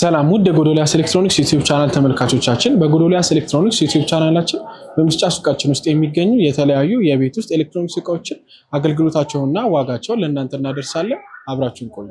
ሰላም ውድ የጎዶልያስ ኤሌክትሮኒክስ ዩቲዩብ ቻናል ተመልካቾቻችን፣ በጎዶልያስ ኤሌክትሮኒክስ ዩቲዩብ ቻናላችን በምስጫ ሱቃችን ውስጥ የሚገኙ የተለያዩ የቤት ውስጥ ኤሌክትሮኒክስ እቃዎችን አገልግሎታቸውንና ዋጋቸውን ለእናንተ እናደርሳለን። አብራችሁን ቆዩ።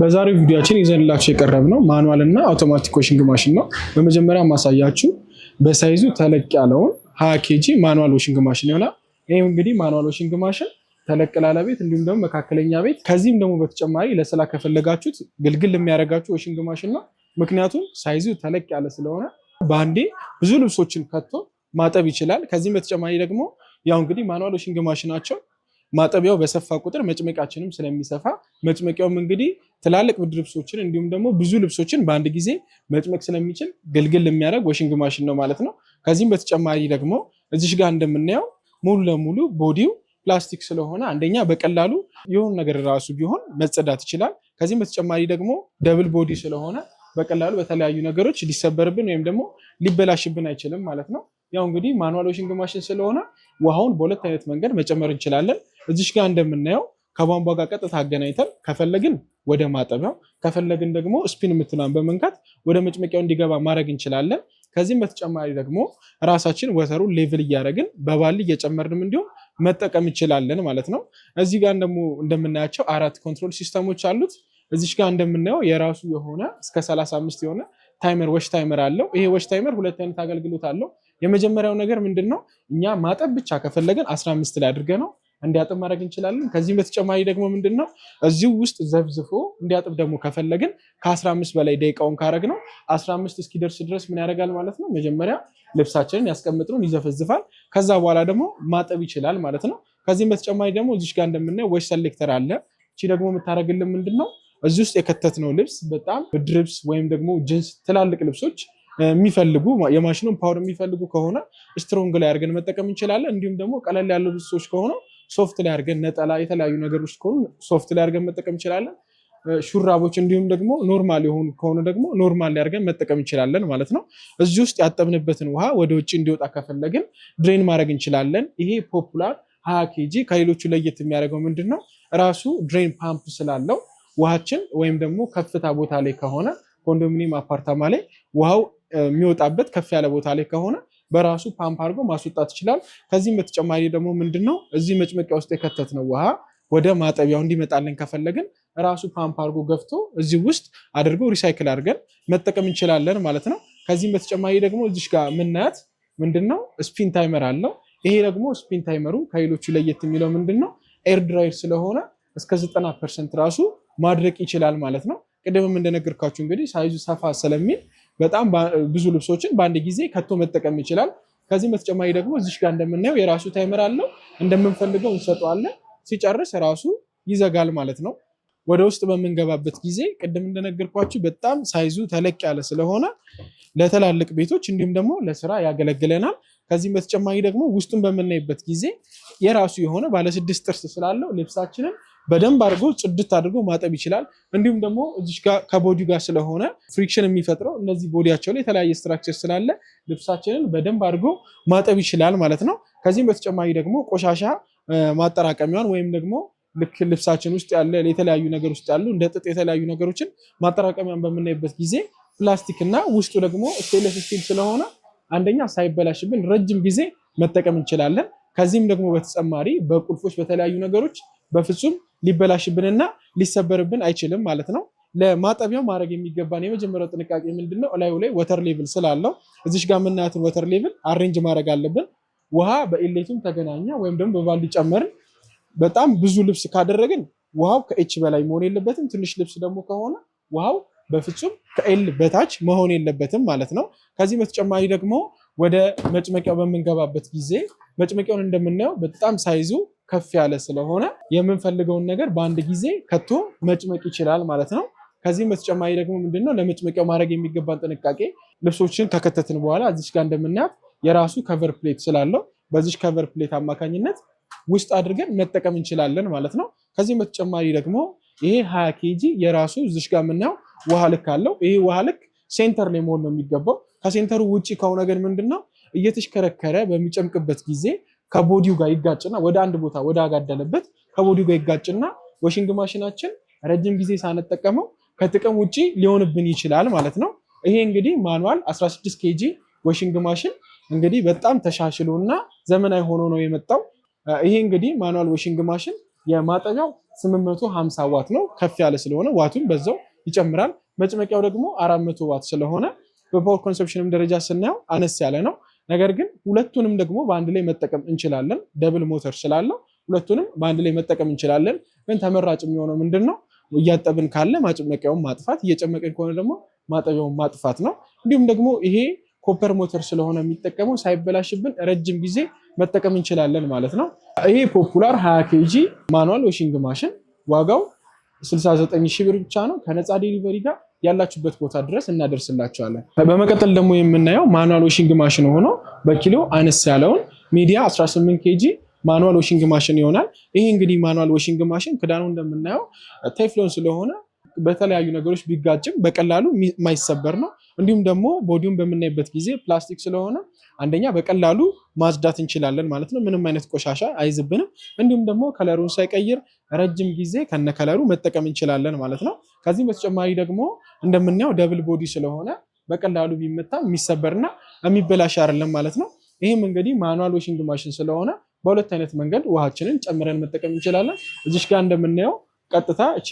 በዛሬው ቪዲዮችን ይዘንላችሁ የቀረብ ነው ማኑዋል እና አውቶማቲክ ዋሽንግ ማሽን ነው። በመጀመሪያ ማሳያችሁ በሳይዙ ተለቅ ያለውን ሀያ ኬጂ ማኑዋል ዋሽንግ ማሽን ይሆናል። ይህም እንግዲህ ማኑዋል ዋሽንግ ማሽን ተለቅ ላለ ቤት እንዲሁም ደግሞ መካከለኛ ቤት ከዚህም ደግሞ በተጨማሪ ለስላ ከፈለጋችሁት ግልግል የሚያደርጋችሁ ዋሽንግ ማሽን ነው። ምክንያቱም ሳይዙ ተለቅ ያለ ስለሆነ በአንዴ ብዙ ልብሶችን ከቶ ማጠብ ይችላል። ከዚህም በተጨማሪ ደግሞ ያው እንግዲህ ማኑዋል ዋሽንግ ማሽናቸው ማጠቢያው በሰፋ ቁጥር መጭመቂያችንም ስለሚሰፋ መጭመቂያውም እንግዲህ ትላልቅ ብርድ ልብሶችን እንዲሁም ደግሞ ብዙ ልብሶችን በአንድ ጊዜ መጭመቅ ስለሚችል ግልግል የሚያደርግ ወሽንግ ማሽን ነው ማለት ነው። ከዚህም በተጨማሪ ደግሞ እዚሽ ጋር እንደምናየው ሙሉ ለሙሉ ቦዲው ፕላስቲክ ስለሆነ አንደኛ በቀላሉ የሆኑ ነገር ራሱ ቢሆን መጸዳት ይችላል። ከዚህም በተጨማሪ ደግሞ ደብል ቦዲ ስለሆነ በቀላሉ በተለያዩ ነገሮች ሊሰበርብን ወይም ደግሞ ሊበላሽብን አይችልም ማለት ነው። ያው እንግዲህ ማኑዋል ወሽንግ ማሽን ስለሆነ ውሃውን በሁለት አይነት መንገድ መጨመር እንችላለን። እዚሽ ጋር እንደምናየው ከቧንቧ ጋር ቀጥታ አገናኝተን ከፈለግን ወደ ማጠቢያው ከፈለግን ደግሞ ስፒን የምትሏን በመንካት ወደ መጭመቂያው እንዲገባ ማድረግ እንችላለን። ከዚህም በተጨማሪ ደግሞ ራሳችን ወተሩ ሌቭል እያደረግን በባል እየጨመርንም እንዲሁም መጠቀም እንችላለን ማለት ነው። እዚህ ጋር ደግሞ እንደምናያቸው አራት ኮንትሮል ሲስተሞች አሉት። እዚሽ ጋር እንደምናየው የራሱ የሆነ እስከ 35 የሆነ ታይመር ወሽ ታይመር አለው። ይሄ ወሽ ታይመር ሁለት አይነት አገልግሎት አለው። የመጀመሪያው ነገር ምንድን ነው? እኛ ማጠብ ብቻ ከፈለገን 15 ላይ አድርገ ነው እንዲያጥብ ማድረግ እንችላለን። ከዚህም በተጨማሪ ደግሞ ምንድን ነው እዚሁ ውስጥ ዘብዝፎ እንዲያጥብ ደግሞ ከፈለግን ከ15 በላይ ደቂቃውን ካረግ ነው 15 እስኪደርስ ድረስ ምን ያደርጋል ማለት ነው። መጀመሪያ ልብሳችንን ያስቀምጥነውን ይዘፈዝፋል። ከዛ በኋላ ደግሞ ማጠብ ይችላል ማለት ነው። ከዚህም በተጨማሪ ደግሞ እዚሽ ጋር እንደምናየው ወሽ ሰሌክተር አለ። እቺ ደግሞ የምታደርግልን ምንድን ነው እዚህ ውስጥ የከተትነው ልብስ በጣም ድርብስ ወይም ደግሞ ጅንስ ትላልቅ ልብሶች የሚፈልጉ የማሽኑን ፓወር የሚፈልጉ ከሆነ ስትሮንግ ላይ አድርገን መጠቀም እንችላለን። እንዲሁም ደግሞ ቀለል ያሉ ልብሶች ከሆነ ሶፍት ላይ አድርገን ነጠላ፣ የተለያዩ ነገሮች ከሆኑ ሶፍት ላይ አድርገን መጠቀም እንችላለን። ሹራቦች እንዲሁም ደግሞ ኖርማል የሆኑ ከሆኑ ደግሞ ኖርማል ላይ አድርገን መጠቀም እንችላለን ማለት ነው። እዚህ ውስጥ ያጠብንበትን ውሃ ወደ ውጭ እንዲወጣ ከፈለግን ድሬን ማድረግ እንችላለን። ይሄ ፖፑላር ሀያ ኬጂ ከሌሎቹ ለየት የሚያደርገው ምንድን ነው? ራሱ ድሬን ፓምፕ ስላለው ውሃችን ወይም ደግሞ ከፍታ ቦታ ላይ ከሆነ ኮንዶሚኒየም አፓርታማ ላይ ውሃው የሚወጣበት ከፍ ያለ ቦታ ላይ ከሆነ በራሱ ፓምፕ አድርጎ ማስወጣት ይችላል። ከዚህም በተጨማሪ ደግሞ ምንድን ነው እዚህ መጭመቂያ ውስጥ የከተት ነው ውሃ ወደ ማጠቢያው እንዲመጣልን ከፈለግን ራሱ ፓምፕ አድርጎ ገፍቶ እዚህ ውስጥ አድርጎ ሪሳይክል አድርገን መጠቀም እንችላለን ማለት ነው። ከዚህም በተጨማሪ ደግሞ እዚሽ ጋር የምናያት ምንድን ነው ስፒን ታይመር አለው። ይሄ ደግሞ ስፒን ታይመሩ ከሌሎቹ ለየት የሚለው ምንድን ነው ኤር ድራይር ስለሆነ እስከ ዘጠና ፐርሰንት ራሱ ማድረቅ ይችላል ማለት ነው። ቅድምም እንደነገርኳችሁ እንግዲህ ሳይዙ ሰፋ ስለሚል በጣም ብዙ ልብሶችን በአንድ ጊዜ ከቶ መጠቀም ይችላል። ከዚህም በተጨማሪ ደግሞ እዚሽ ጋር እንደምናየው የራሱ ታይመር አለው። እንደምንፈልገው እንሰጠዋለን። ሲጨርስ ራሱ ይዘጋል ማለት ነው። ወደ ውስጥ በምንገባበት ጊዜ ቅድም እንደነገርኳችሁ በጣም ሳይዙ ተለቅ ያለ ስለሆነ ለትላልቅ ቤቶች እንዲሁም ደግሞ ለስራ ያገለግለናል። ከዚህም በተጨማሪ ደግሞ ውስጡን በምናይበት ጊዜ የራሱ የሆነ ባለስድስት ጥርስ ስላለው ልብሳችንን በደንብ አድርጎ ጽድት አድርጎ ማጠብ ይችላል። እንዲሁም ደግሞ እዚህ ጋር ከቦዲ ጋር ስለሆነ ፍሪክሽን የሚፈጥረው እነዚህ ቦዲያቸው ላይ የተለያየ ስትራክቸር ስላለ ልብሳችንን በደንብ አድርጎ ማጠብ ይችላል ማለት ነው። ከዚህም በተጨማሪ ደግሞ ቆሻሻ ማጠራቀሚዋን ወይም ደግሞ ልክ ልብሳችን ውስጥ ያለ የተለያዩ ነገር ውስጥ ያሉ እንደ ጥጥ የተለያዩ ነገሮችን ማጠራቀሚያን በምናይበት ጊዜ ፕላስቲክ እና ውስጡ ደግሞ ስቴለስ ስቲል ስለሆነ አንደኛ ሳይበላሽብን ረጅም ጊዜ መጠቀም እንችላለን። ከዚህም ደግሞ በተጨማሪ በቁልፎች በተለያዩ ነገሮች በፍጹም ሊበላሽብንና ሊሰበርብን አይችልም ማለት ነው። ለማጠቢያው ማድረግ የሚገባን የመጀመሪያው ጥንቃቄ ምንድነው እላዩ ላይ ወተር ሌቭል ስላለው እዚሽ ጋር የምናያትን ወተር ሌቭል አሬንጅ ማድረግ አለብን። ውሃ በኢሌቱም ተገናኘ ወይም ደግሞ በቫልዲ ጨመርን፣ በጣም ብዙ ልብስ ካደረግን ውሃው ከኤች በላይ መሆን የለበትም። ትንሽ ልብስ ደግሞ ከሆነ ውሃው በፍጹም ከኤል በታች መሆን የለበትም ማለት ነው። ከዚህ በተጨማሪ ደግሞ ወደ መጭመቂያው በምንገባበት ጊዜ መጭመቂያውን እንደምናየው በጣም ሳይዙ ከፍ ያለ ስለሆነ የምንፈልገውን ነገር በአንድ ጊዜ ከቶ መጭመቅ ይችላል ማለት ነው። ከዚህም በተጨማሪ ደግሞ ምንድነው ለመጭመቂያው ማድረግ የሚገባን ጥንቃቄ ልብሶችን ከከተትን በኋላ እዚች ጋር እንደምናያት የራሱ ከቨር ፕሌት ስላለው በዚች ከቨር ፕሌት አማካኝነት ውስጥ አድርገን መጠቀም እንችላለን ማለት ነው። ከዚህም በተጨማሪ ደግሞ ይሄ ሀያ ኬጂ የራሱ እዚች ጋር የምናየው ውሃ ልክ አለው። ይሄ ውሃ ልክ ሴንተር ላይ መሆን ነው የሚገባው። ከሴንተሩ ውጭ ከሆነ ግን ምንድነው እየተሽከረከረ በሚጨምቅበት ጊዜ ከቦዲው ጋር ይጋጭና ወደ አንድ ቦታ ወደ አጋደለበት ከቦዲው ጋር ይጋጭና ወሽንግ ማሽናችን ረጅም ጊዜ ሳንጠቀመው ከጥቅም ውጪ ሊሆንብን ይችላል ማለት ነው። ይሄ እንግዲህ ማኑዋል 16 ኬጂ ወሽንግ ማሽን እንግዲህ በጣም ተሻሽሎ እና ዘመናዊ ሆኖ ነው የመጣው። ይሄ እንግዲህ ማኑዋል ወሽንግ ማሽን የማጠቢያው 850 ዋት ነው። ከፍ ያለ ስለሆነ ዋቱን በዛው ይጨምራል። መጭመቂያው ደግሞ 400 ዋት ስለሆነ በፓወር ኮንሰፕሽንም ደረጃ ስናየው አነስ ያለ ነው። ነገር ግን ሁለቱንም ደግሞ በአንድ ላይ መጠቀም እንችላለን። ደብል ሞተር ስላለው ሁለቱንም በአንድ ላይ መጠቀም እንችላለን። ግን ተመራጭ የሚሆነው ምንድን ነው? እያጠብን ካለ ማጭመቂያውን ማጥፋት፣ እየጨመቅን ከሆነ ደግሞ ማጠቢያውን ማጥፋት ነው። እንዲሁም ደግሞ ይሄ ኮፐር ሞተር ስለሆነ የሚጠቀመው ሳይበላሽብን ረጅም ጊዜ መጠቀም እንችላለን ማለት ነው። ይሄ ፖፑላር 20 ኬጂ ማኑዋል ዋሽንግ ማሽን ዋጋው 69 ሺህ ብር ብቻ ነው ከነፃ ዴሊቨሪ ጋር ያላችሁበት ቦታ ድረስ እናደርስላቸዋለን። በመቀጠል ደግሞ የምናየው ማኑዋል ዎሽንግ ማሽን ሆኖ በኪሎ አነስ ያለውን ሚዲያ 18 ኬጂ ማኑዋል ዎሽንግ ማሽን ይሆናል። ይሄ እንግዲህ ማኑዋል ዎሽንግ ማሽን ክዳኑ እንደምናየው ቴፍሎን ስለሆነ በተለያዩ ነገሮች ቢጋጭም በቀላሉ የማይሰበር ነው። እንዲሁም ደግሞ ቦዲውን በምናይበት ጊዜ ፕላስቲክ ስለሆነ አንደኛ በቀላሉ ማጽዳት እንችላለን ማለት ነው። ምንም አይነት ቆሻሻ አይዝብንም። እንዲሁም ደግሞ ከለሩን ሳይቀይር ረጅም ጊዜ ከነ ከለሩ መጠቀም እንችላለን ማለት ነው። ከዚህም በተጨማሪ ደግሞ እንደምናየው ደብል ቦዲ ስለሆነ በቀላሉ ቢመታ የሚሰበርና የሚበላሽ አይደለም ማለት ነው። ይህም እንግዲህ ማኑዋል ዎሽንግ ማሽን ስለሆነ በሁለት አይነት መንገድ ውሃችንን ጨምረን መጠቀም እንችላለን። እዚሽ ጋር እንደምናየው ቀጥታ እቺ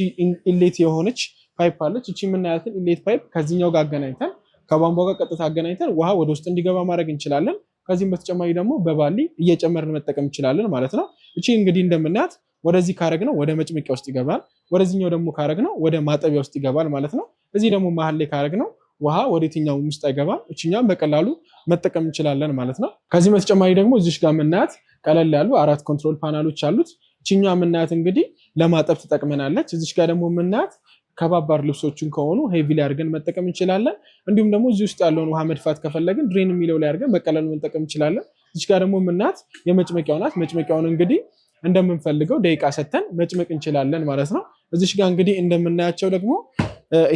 ኢሌት የሆነች ፓይፕ አለች። እቺ የምናያትን ኢሌት ፓይፕ ከዚህኛው ጋር አገናኝተን ከቧንቧ ጋር ቀጥታ አገናኝተን ውሃ ወደ ውስጥ እንዲገባ ማድረግ እንችላለን። ከዚህም በተጨማሪ ደግሞ በባሊ እየጨመርን መጠቀም እንችላለን ማለት ነው። እቺ እንግዲህ እንደምናያት ወደዚህ ካረግ ነው ወደ መጭመቂያ ውስጥ ይገባል። ወደዚህኛው ደግሞ ካረግ ነው ወደ ማጠቢያ ውስጥ ይገባል ማለት ነው። እዚህ ደግሞ መሀል ላይ ካረግ ነው ውሃ ወደ የትኛው ውስጥ አይገባም። እችኛም በቀላሉ መጠቀም እንችላለን ማለት ነው። ከዚህ በተጨማሪ ደግሞ እዚሽ ጋር የምናያት ቀለል ያሉ አራት ኮንትሮል ፓናሎች አሉት። ችኛ የምናያት እንግዲህ ለማጠብ ትጠቅመናለች። እዚች ጋር ደግሞ የምናያት ከባባር ልብሶችን ከሆኑ ሄቪ ላይ አድርገን መጠቀም እንችላለን። እንዲሁም ደግሞ እዚህ ውስጥ ያለውን ውሃ መድፋት ከፈለግን ድሬን የሚለው ላይ አድርገን በቀላሉ መጠቀም እንችላለን። እዚች ጋር ደግሞ የምናያት የመጭመቂያው ናት። መጭመቂያውን እንግዲህ እንደምንፈልገው ደቂቃ ሰተን መጭመቅ እንችላለን ማለት ነው። እዚች ጋር እንግዲህ እንደምናያቸው ደግሞ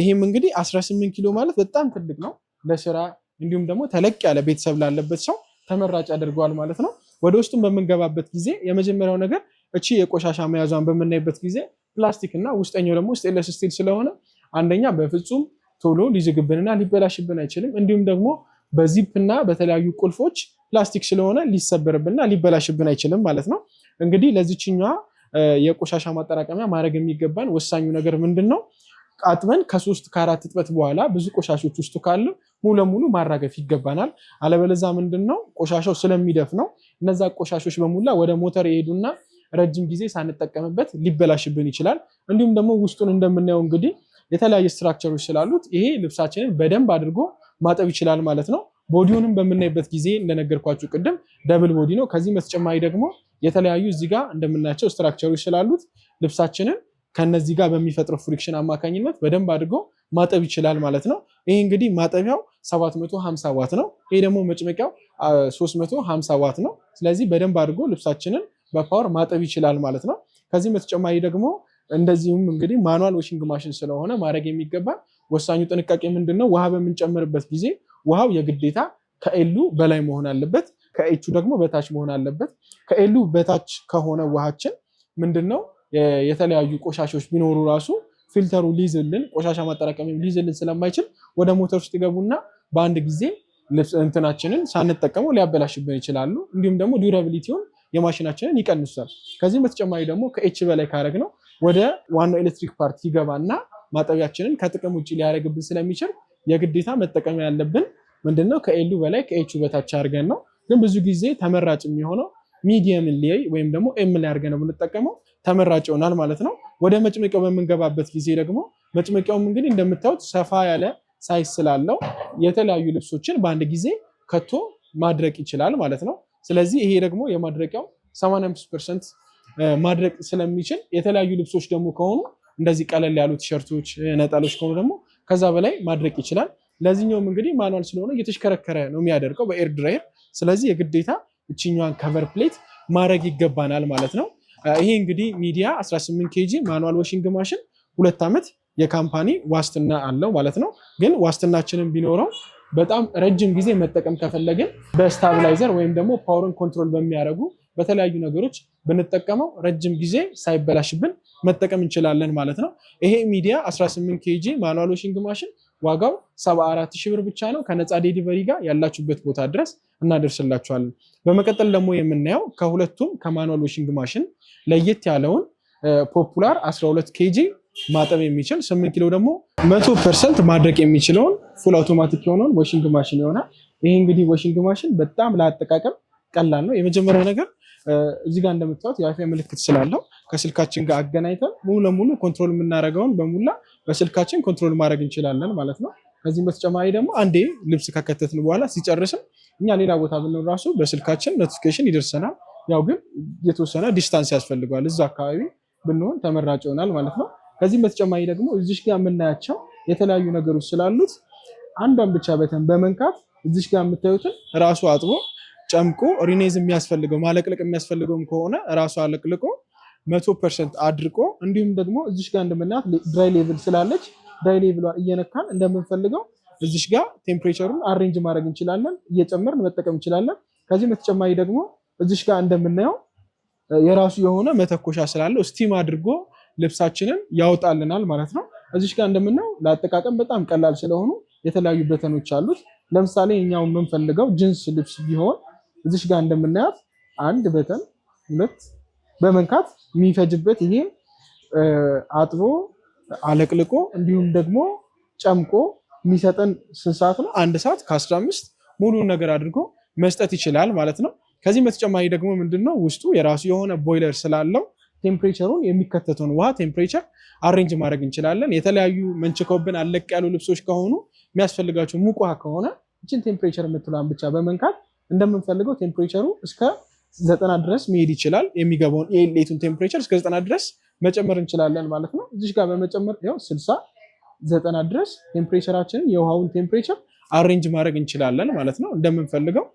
ይህም እንግዲህ 18 ኪሎ ማለት በጣም ትልቅ ነው። ለስራ እንዲሁም ደግሞ ተለቅ ያለ ቤተሰብ ላለበት ሰው ተመራጭ ያደርገዋል ማለት ነው። ወደ ውስጡም በምንገባበት ጊዜ የመጀመሪያው ነገር እቺ የቆሻሻ መያዟን በምናይበት ጊዜ ፕላስቲክ እና ውስጠኛው ደግሞ ስቴንለስ ስቲል ስለሆነ አንደኛ በፍጹም ቶሎ ሊዝግብንና ሊበላሽብን አይችልም። እንዲሁም ደግሞ በዚፕና በተለያዩ ቁልፎች ፕላስቲክ ስለሆነ ሊሰበርብንና ሊበላሽብን አይችልም ማለት ነው። እንግዲህ ለዚችኛዋ የቆሻሻ ማጠራቀሚያ ማድረግ የሚገባን ወሳኙ ነገር ምንድን ነው? አጥበን ከሶስት ከአራት እጥበት በኋላ ብዙ ቆሻሾች ውስጡ ካለ ሙሉ ለሙሉ ማራገፍ ይገባናል። አለበለዛ ምንድን ነው ቆሻሻው ስለሚደፍ ነው እነዛ ቆሻሾች በሙላ ወደ ሞተር ይሄዱና ረጅም ጊዜ ሳንጠቀምበት ሊበላሽብን ይችላል። እንዲሁም ደግሞ ውስጡን እንደምናየው እንግዲህ የተለያየ ስትራክቸሮች ስላሉት ይሄ ልብሳችንን በደንብ አድርጎ ማጠብ ይችላል ማለት ነው። ቦዲውንም በምናይበት ጊዜ እንደነገርኳችሁ ቅድም ደብል ቦዲ ነው። ከዚህ በተጨማሪ ደግሞ የተለያዩ እዚህ ጋር እንደምናያቸው ስትራክቸሮች ስላሉት ልብሳችንን ከነዚህ ጋር በሚፈጥረው ፍሪክሽን አማካኝነት በደንብ አድርጎ ማጠብ ይችላል ማለት ነው። ይሄ እንግዲህ ማጠቢያው 750 ዋት ነው። ይሄ ደግሞ መጭመቂያው 350 ዋት ነው። ስለዚህ በደንብ አድርጎ ልብሳችንን በፓወር ማጠብ ይችላል ማለት ነው። ከዚህም በተጨማሪ ደግሞ እንደዚሁም እንግዲህ ማኑዋል ዋሽንግ ማሽን ስለሆነ ማድረግ የሚገባ ወሳኙ ጥንቃቄ ምንድን ነው? ውሃ በምንጨምርበት ጊዜ ውሃው የግዴታ ከኤሉ በላይ መሆን አለበት፣ ከኤቹ ደግሞ በታች መሆን አለበት። ከኤሉ በታች ከሆነ ውሃችን ምንድን ነው የተለያዩ ቆሻሻዎች ቢኖሩ ራሱ ፊልተሩ ሊይዝልን ቆሻሻ ማጠራቀሚ ሊይዝልን ስለማይችል ወደ ሞተር ውስጥ ይገቡና በአንድ ጊዜ እንትናችንን ሳንጠቀመው ሊያበላሽብን ይችላሉ። እንዲሁም ደግሞ ዱራብሊቲውን የማሽናችንን ይቀንሳል። ከዚህም በተጨማሪ ደግሞ ከኤች በላይ ካረግ ነው ወደ ዋናው ኤሌክትሪክ ፓርት ይገባና ማጠቢያችንን ከጥቅም ውጭ ሊያደርግብን ስለሚችል የግዴታ መጠቀም ያለብን ምንድነው ከኤሉ በላይ ከኤቹ በታች አድርገን ነው። ግን ብዙ ጊዜ ተመራጭ የሚሆነው ሚዲየምን ላይ ወይም ደግሞ ኤም ላይ አድርገን ነው የምንጠቀመው፣ ተመራጭ ይሆናል ማለት ነው። ወደ መጭመቂያው በምንገባበት ጊዜ ደግሞ መጭመቂያውም እንግዲህ እንደምታዩት ሰፋ ያለ ሳይዝ ስላለው የተለያዩ ልብሶችን በአንድ ጊዜ ከቶ ማድረቅ ይችላል ማለት ነው። ስለዚህ ይሄ ደግሞ የማድረቂያው 85 ፐርሰንት ማድረቅ ስለሚችል የተለያዩ ልብሶች ደግሞ ከሆኑ እንደዚህ ቀለል ያሉ ቲሸርቶች፣ ነጠሎች ከሆኑ ደግሞ ከዛ በላይ ማድረቅ ይችላል። ለዚህኛውም እንግዲህ ማኗል ስለሆነ እየተሽከረከረ ነው የሚያደርገው በኤር ድራየር። ስለዚህ የግዴታ እችኛዋን ከቨር ፕሌት ማድረግ ይገባናል ማለት ነው። ይሄ እንግዲህ ሚዲያ 18 ኬጂ ማኑዋል ዋሽንግ ማሽን ሁለት ዓመት የካምፓኒ ዋስትና አለው ማለት ነው። ግን ዋስትናችንም ቢኖረው በጣም ረጅም ጊዜ መጠቀም ከፈለግን በስታብላይዘር ወይም ደግሞ ፓወርን ኮንትሮል በሚያደርጉ በተለያዩ ነገሮች ብንጠቀመው ረጅም ጊዜ ሳይበላሽብን መጠቀም እንችላለን ማለት ነው። ይሄ ሚዲያ 18 ኬጂ ማኑዋል ዋሺንግ ማሽን ዋጋው 74 ሺህ ብር ብቻ ነው። ከነፃ ዴሊቨሪ ጋር ያላችሁበት ቦታ ድረስ እናደርስላችኋለን። በመቀጠል ደግሞ የምናየው ከሁለቱም ከማኑዋል ዋሺንግ ማሽን ለየት ያለውን ፖፑላር 12 ኬጂ ማጠብ የሚችል ስምንት ኪሎ ደግሞ መቶ ፐርሰንት ማድረቅ የሚችለውን ፉል አውቶማቲክ የሆነውን ዋሽንግ ማሽን ይሆናል። ይሄ እንግዲህ ዋሽንግ ማሽን በጣም ለአጠቃቀም ቀላል ነው። የመጀመሪያው ነገር እዚህ ጋር እንደምታዩት የዋይፋይ ምልክት ስላለው ከስልካችን ጋር አገናኝተን ሙሉ ለሙሉ ኮንትሮል የምናደርገውን በሙላ በስልካችን ኮንትሮል ማድረግ እንችላለን ማለት ነው። ከዚህም በተጨማሪ ደግሞ አንዴ ልብስ ከከተትን በኋላ ሲጨርስም እኛ ሌላ ቦታ ብንሆን ራሱ በስልካችን ኖቲፊኬሽን ይደርሰናል። ያው ግን የተወሰነ ዲስታንስ ያስፈልገዋል። እዛ አካባቢ ብንሆን ተመራጭ ይሆናል ማለት ነው። ከዚህም በተጨማሪ ደግሞ እዚሽ ጋር የምናያቸው የተለያዩ ነገሮች ስላሉት አንዷን ብቻ በተን በመንካት እዚሽ ጋር የምታዩትን ራሱ አጥቦ ጨምቆ ሪኔዝ የሚያስፈልገው ማለቅለቅ የሚያስፈልገውም ከሆነ ራሱ አለቅልቆ መቶ ፐርሰንት አድርቆ እንዲሁም ደግሞ እዚሽ ጋር እንደምናያት ድራይ ሌቭል ስላለች ድራይ ሌቭሏን እየነካን እንደምንፈልገው እዚሽ ጋር ቴምፕሬቸሩን አሬንጅ ማድረግ እንችላለን፣ እየጨመርን መጠቀም እንችላለን። ከዚህም በተጨማሪ ደግሞ እዚሽ ጋር እንደምናየው የራሱ የሆነ መተኮሻ ስላለው ስቲም አድርጎ ልብሳችንን ያወጣልናል ማለት ነው። እዚች ጋር እንደምናየው ለአጠቃቀም በጣም ቀላል ስለሆኑ የተለያዩ በተኖች አሉት። ለምሳሌ እኛው የምንፈልገው ጅንስ ልብስ ቢሆን እዚች ጋር እንደምናያት አንድ በተን ሁለት በመንካት የሚፈጅበት ይሄ አጥቦ አለቅልቆ እንዲሁም ደግሞ ጨምቆ የሚሰጠን ስንት ሰዓት ነው? አንድ ሰዓት ከአስራ አምስት ሙሉን ነገር አድርጎ መስጠት ይችላል ማለት ነው። ከዚህም በተጨማሪ ደግሞ ምንድን ነው ውስጡ የራሱ የሆነ ቦይለር ስላለው ቴምፕሬቸሩን የሚከተተውን ውሃ ቴምፕሬቸር አሬንጅ ማድረግ እንችላለን። የተለያዩ መንችከውብን አለቅ ያሉ ልብሶች ከሆኑ የሚያስፈልጋቸው ሙቅ ውሃ ከሆነ እችን ቴምፕሬቸር የምትለዋን ብቻ በመንካት እንደምንፈልገው ቴምፕሬቸሩ እስከ ዘጠና ድረስ መሄድ ይችላል። የሚገባውን የኤሌቱን ቴምፕሬቸር እስከ ዘጠና ድረስ መጨመር እንችላለን ማለት ነው። እዚህ ጋር በመጨመር ያው ስልሳ ዘጠና ድረስ ቴምፕሬቸራችንን የውሃውን ቴምፕሬቸር አሬንጅ ማድረግ እንችላለን ማለት ነው። እንደምንፈልገው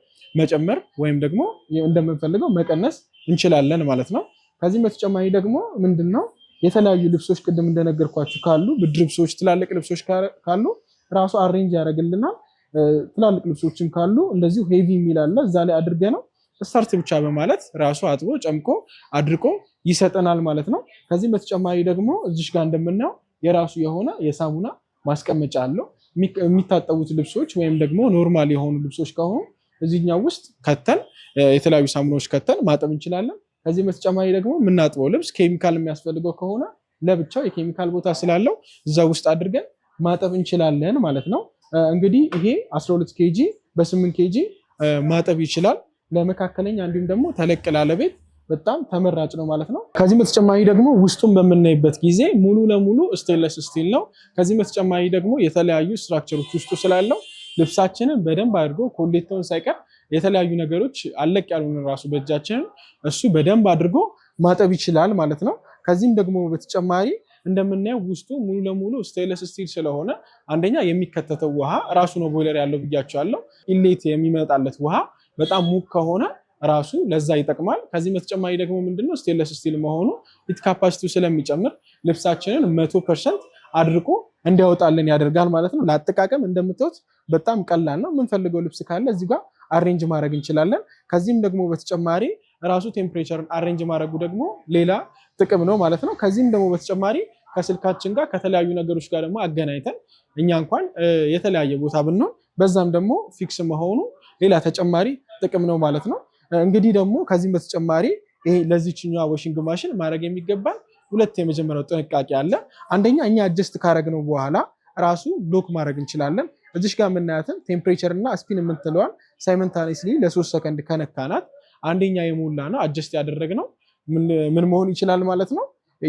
መጨመር ወይም ደግሞ እንደምንፈልገው መቀነስ እንችላለን ማለት ነው። ከዚህም በተጨማሪ ደግሞ ምንድን ነው የተለያዩ ልብሶች ቅድም እንደነገርኳችሁ ካሉ ብድ ልብሶች፣ ትላልቅ ልብሶች ካሉ ራሱ አሬንጅ ያደርግልናል። ትላልቅ ልብሶችም ካሉ እንደዚሁ ሄቪ የሚል አለ እዛ ላይ አድርገ ነው ስታርት ብቻ በማለት ራሱ አጥቦ ጨምቆ አድርቆ ይሰጠናል ማለት ነው። ከዚህም በተጨማሪ ደግሞ እዚሽ ጋር እንደምናየው የራሱ የሆነ የሳሙና ማስቀመጫ አለው። የሚታጠቡት ልብሶች ወይም ደግሞ ኖርማል የሆኑ ልብሶች ከሆኑ እዚህኛው ውስጥ ከተን የተለያዩ ሳሙናዎች ከተን ማጠብ እንችላለን። ከዚህ በተጨማሪ ደግሞ የምናጥበው ልብስ ኬሚካል የሚያስፈልገው ከሆነ ለብቻው የኬሚካል ቦታ ስላለው እዛ ውስጥ አድርገን ማጠብ እንችላለን ማለት ነው። እንግዲህ ይሄ 12 ኬጂ በ8 ኬጂ ማጠብ ይችላል። ለመካከለኛ እንዲሁም ደግሞ ተለቅ ላለ ቤት በጣም ተመራጭ ነው ማለት ነው። ከዚህም በተጨማሪ ደግሞ ውስጡን በምናይበት ጊዜ ሙሉ ለሙሉ ስቴንለስ ስቲል ነው። ከዚህም በተጨማሪ ደግሞ የተለያዩ ስትራክቸሮች ውስጡ ስላለው ልብሳችንን በደንብ አድርጎ ኮሌታውን ሳይቀር የተለያዩ ነገሮች አለቅ ያሉን ራሱ በእጃችን እሱ በደንብ አድርጎ ማጠብ ይችላል ማለት ነው። ከዚህም ደግሞ በተጨማሪ እንደምናየው ውስጡ ሙሉ ለሙሉ ስቴንለስ ስቲል ስለሆነ አንደኛ የሚከተተው ውሃ ራሱ ነው ቦይለር ያለው ብያቸዋለሁ። ኢሌት የሚመጣለት ውሃ በጣም ሙቅ ከሆነ ራሱ ለዛ ይጠቅማል። ከዚህም በተጨማሪ ደግሞ ምንድነው ስቴንለስ ስቲል መሆኑ ሂት ካፓሲቲው ስለሚጨምር ልብሳችንን መቶ ፐርሰንት አድርቆ እንዲያወጣልን ያደርጋል ማለት ነው። ለአጠቃቀም እንደምታዩት በጣም ቀላል ነው። የምንፈልገው ልብስ ካለ እዚህ ጋር አሬንጅ ማድረግ እንችላለን። ከዚህም ደግሞ በተጨማሪ ራሱ ቴምፕሬቸርን አሬንጅ ማድረጉ ደግሞ ሌላ ጥቅም ነው ማለት ነው። ከዚህም ደግሞ በተጨማሪ ከስልካችን ጋር ከተለያዩ ነገሮች ጋር ደግሞ አገናኝተን እኛ እንኳን የተለያየ ቦታ ብንሆን በዛም ደግሞ ፊክስ መሆኑ ሌላ ተጨማሪ ጥቅም ነው ማለት ነው። እንግዲህ ደግሞ ከዚህም በተጨማሪ ይሄ ለዚችኛዋ ዋሽንግ ማሽን ማድረግ የሚገባል ሁለት የመጀመሪያው ጥንቃቄ አለ። አንደኛ እኛ አጀስት ካረግነው በኋላ ራሱ ሎክ ማድረግ እንችላለን። እዚሽ ጋር የምናያትን ቴምፕሬቸር እና ስፒን የምትለዋን ሳይመንታኔስሊ ለሶስት ሰከንድ ከነካናት አንደኛ የሞላ ነው አጀስት ያደረግ ነው ምን መሆን ይችላል ማለት ነው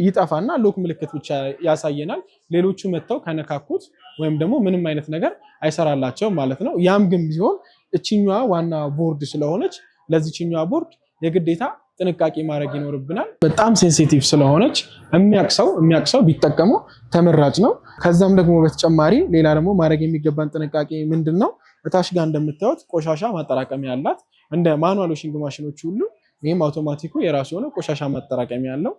ይጠፋና ሎክ ምልክት ብቻ ያሳየናል። ሌሎቹ መጥተው ከነካኩት ወይም ደግሞ ምንም አይነት ነገር አይሰራላቸውም ማለት ነው። ያም ግን ቢሆን እችኛዋ ዋና ቦርድ ስለሆነች ለዚችኛዋ ቦርድ የግዴታ ጥንቃቄ ማድረግ ይኖርብናል። በጣም ሴንሲቲቭ ስለሆነች የሚያቅሰው የሚያቅሰው ቢጠቀሙ ተመራጭ ነው። ከዛም ደግሞ በተጨማሪ ሌላ ደግሞ ማድረግ የሚገባን ጥንቃቄ ምንድን ነው? እታች ጋር እንደምታዩት ቆሻሻ ማጠራቀሚያ ያላት እንደ ማኑዋል ዋሺንግ ማሽኖች ሁሉ ይህም አውቶማቲኩ የራሱ የሆነ ቆሻሻ ማጠራቀሚያ ያለው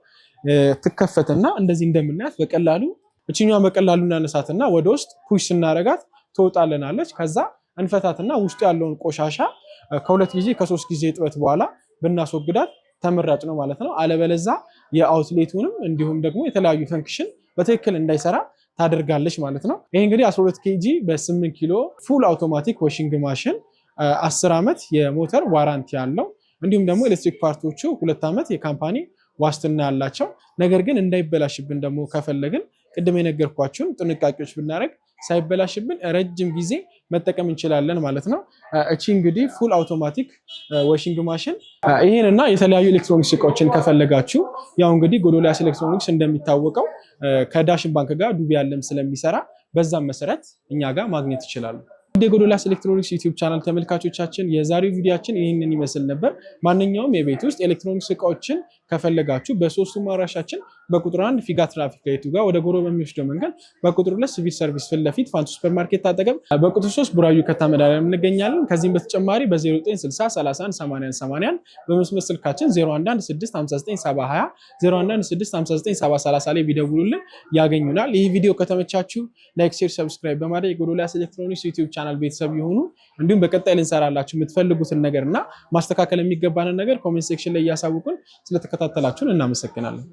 ትከፈትና እንደዚህ እንደምናያት በቀላሉ እችኛ በቀላሉ እናነሳትና ወደ ውስጥ ፑሽ ስናረጋት ትወጣለናለች። ከዛ እንፈታትና ውስጡ ያለውን ቆሻሻ ከሁለት ጊዜ ከሶስት ጊዜ እጥበት በኋላ ብናስወግዳት ተመራጭ ነው ማለት ነው። አለበለዛ የአውትሌቱንም እንዲሁም ደግሞ የተለያዩ ፈንክሽን በትክክል እንዳይሰራ ታደርጋለች ማለት ነው። ይህ እንግዲህ 12 ኬጂ በ8 ኪሎ ፉል አውቶማቲክ ዋሽንግ ማሽን 10 ዓመት የሞተር ዋራንቲ አለው እንዲሁም ደግሞ ኤሌክትሪክ ፓርቶቹ ሁለት ዓመት የካምፓኒ ዋስትና ያላቸው ነገር ግን እንዳይበላሽብን ደግሞ ከፈለግን ቅድም የነገርኳችሁን ጥንቃቄዎች ብናደርግ ሳይበላሽብን ረጅም ጊዜ መጠቀም እንችላለን ማለት ነው። እቺ እንግዲህ ፉል አውቶማቲክ ዋሽንግ ማሽን ይህን እና የተለያዩ ኤሌክትሮኒክስ እቃዎችን ከፈለጋችሁ ያው እንግዲህ ጎዶልያስ ኤሌክትሮኒክስ እንደሚታወቀው ከዳሽን ባንክ ጋር ዱቤ ያለም ስለሚሰራ በዛም መሰረት እኛ ጋር ማግኘት ይችላሉ። ወደ ጎዶልያስ ኤሌክትሮኒክስ ዩቲዩብ ቻናል ተመልካቾቻችን የዛሬው ቪዲዮአችን ይህንን ይመስል ነበር። ማንኛውም የቤት ውስጥ ኤሌክትሮኒክስ እቃዎችን ከፈለጋችሁ በሶስቱ ማራሻችን በቁጥር አንድ ፊጋ ትራፊክ ላይቱ ጋር ወደ ጎሮ በሚወስደው መንገድ፣ በቁጥር ሁለት ሲቪል ሰርቪስ ፊት ለፊት ፋንቱ ሱፐር ማርኬት አጠገብ፣ በቁጥር ሶስት ቡራዩ ከታ እንገኛለን። ከዚህም በተጨማሪ በ0960318181 በመስመር ስልካችን 0116597020 ላይ ቢደውሉልን ያገኙናል። ይህ ቪዲዮ ከተመቻችሁ ላይክ፣ ሼር፣ ሰብስክራይብ በማድረግ የጎዶልያስ ኤሌክትሮኒክስ ዩቲዩብ ቻናል ቤተሰብ የሆኑ እንዲሁም በቀጣይ ልንሰራላችሁ የምትፈልጉትን ነገር እና ማስተካከል የሚገባንን ነገር ኮሜንት ሴክሽን ላይ እያሳውቁን ስለተከ ስለተከታተላችሁን እናመሰግናለን።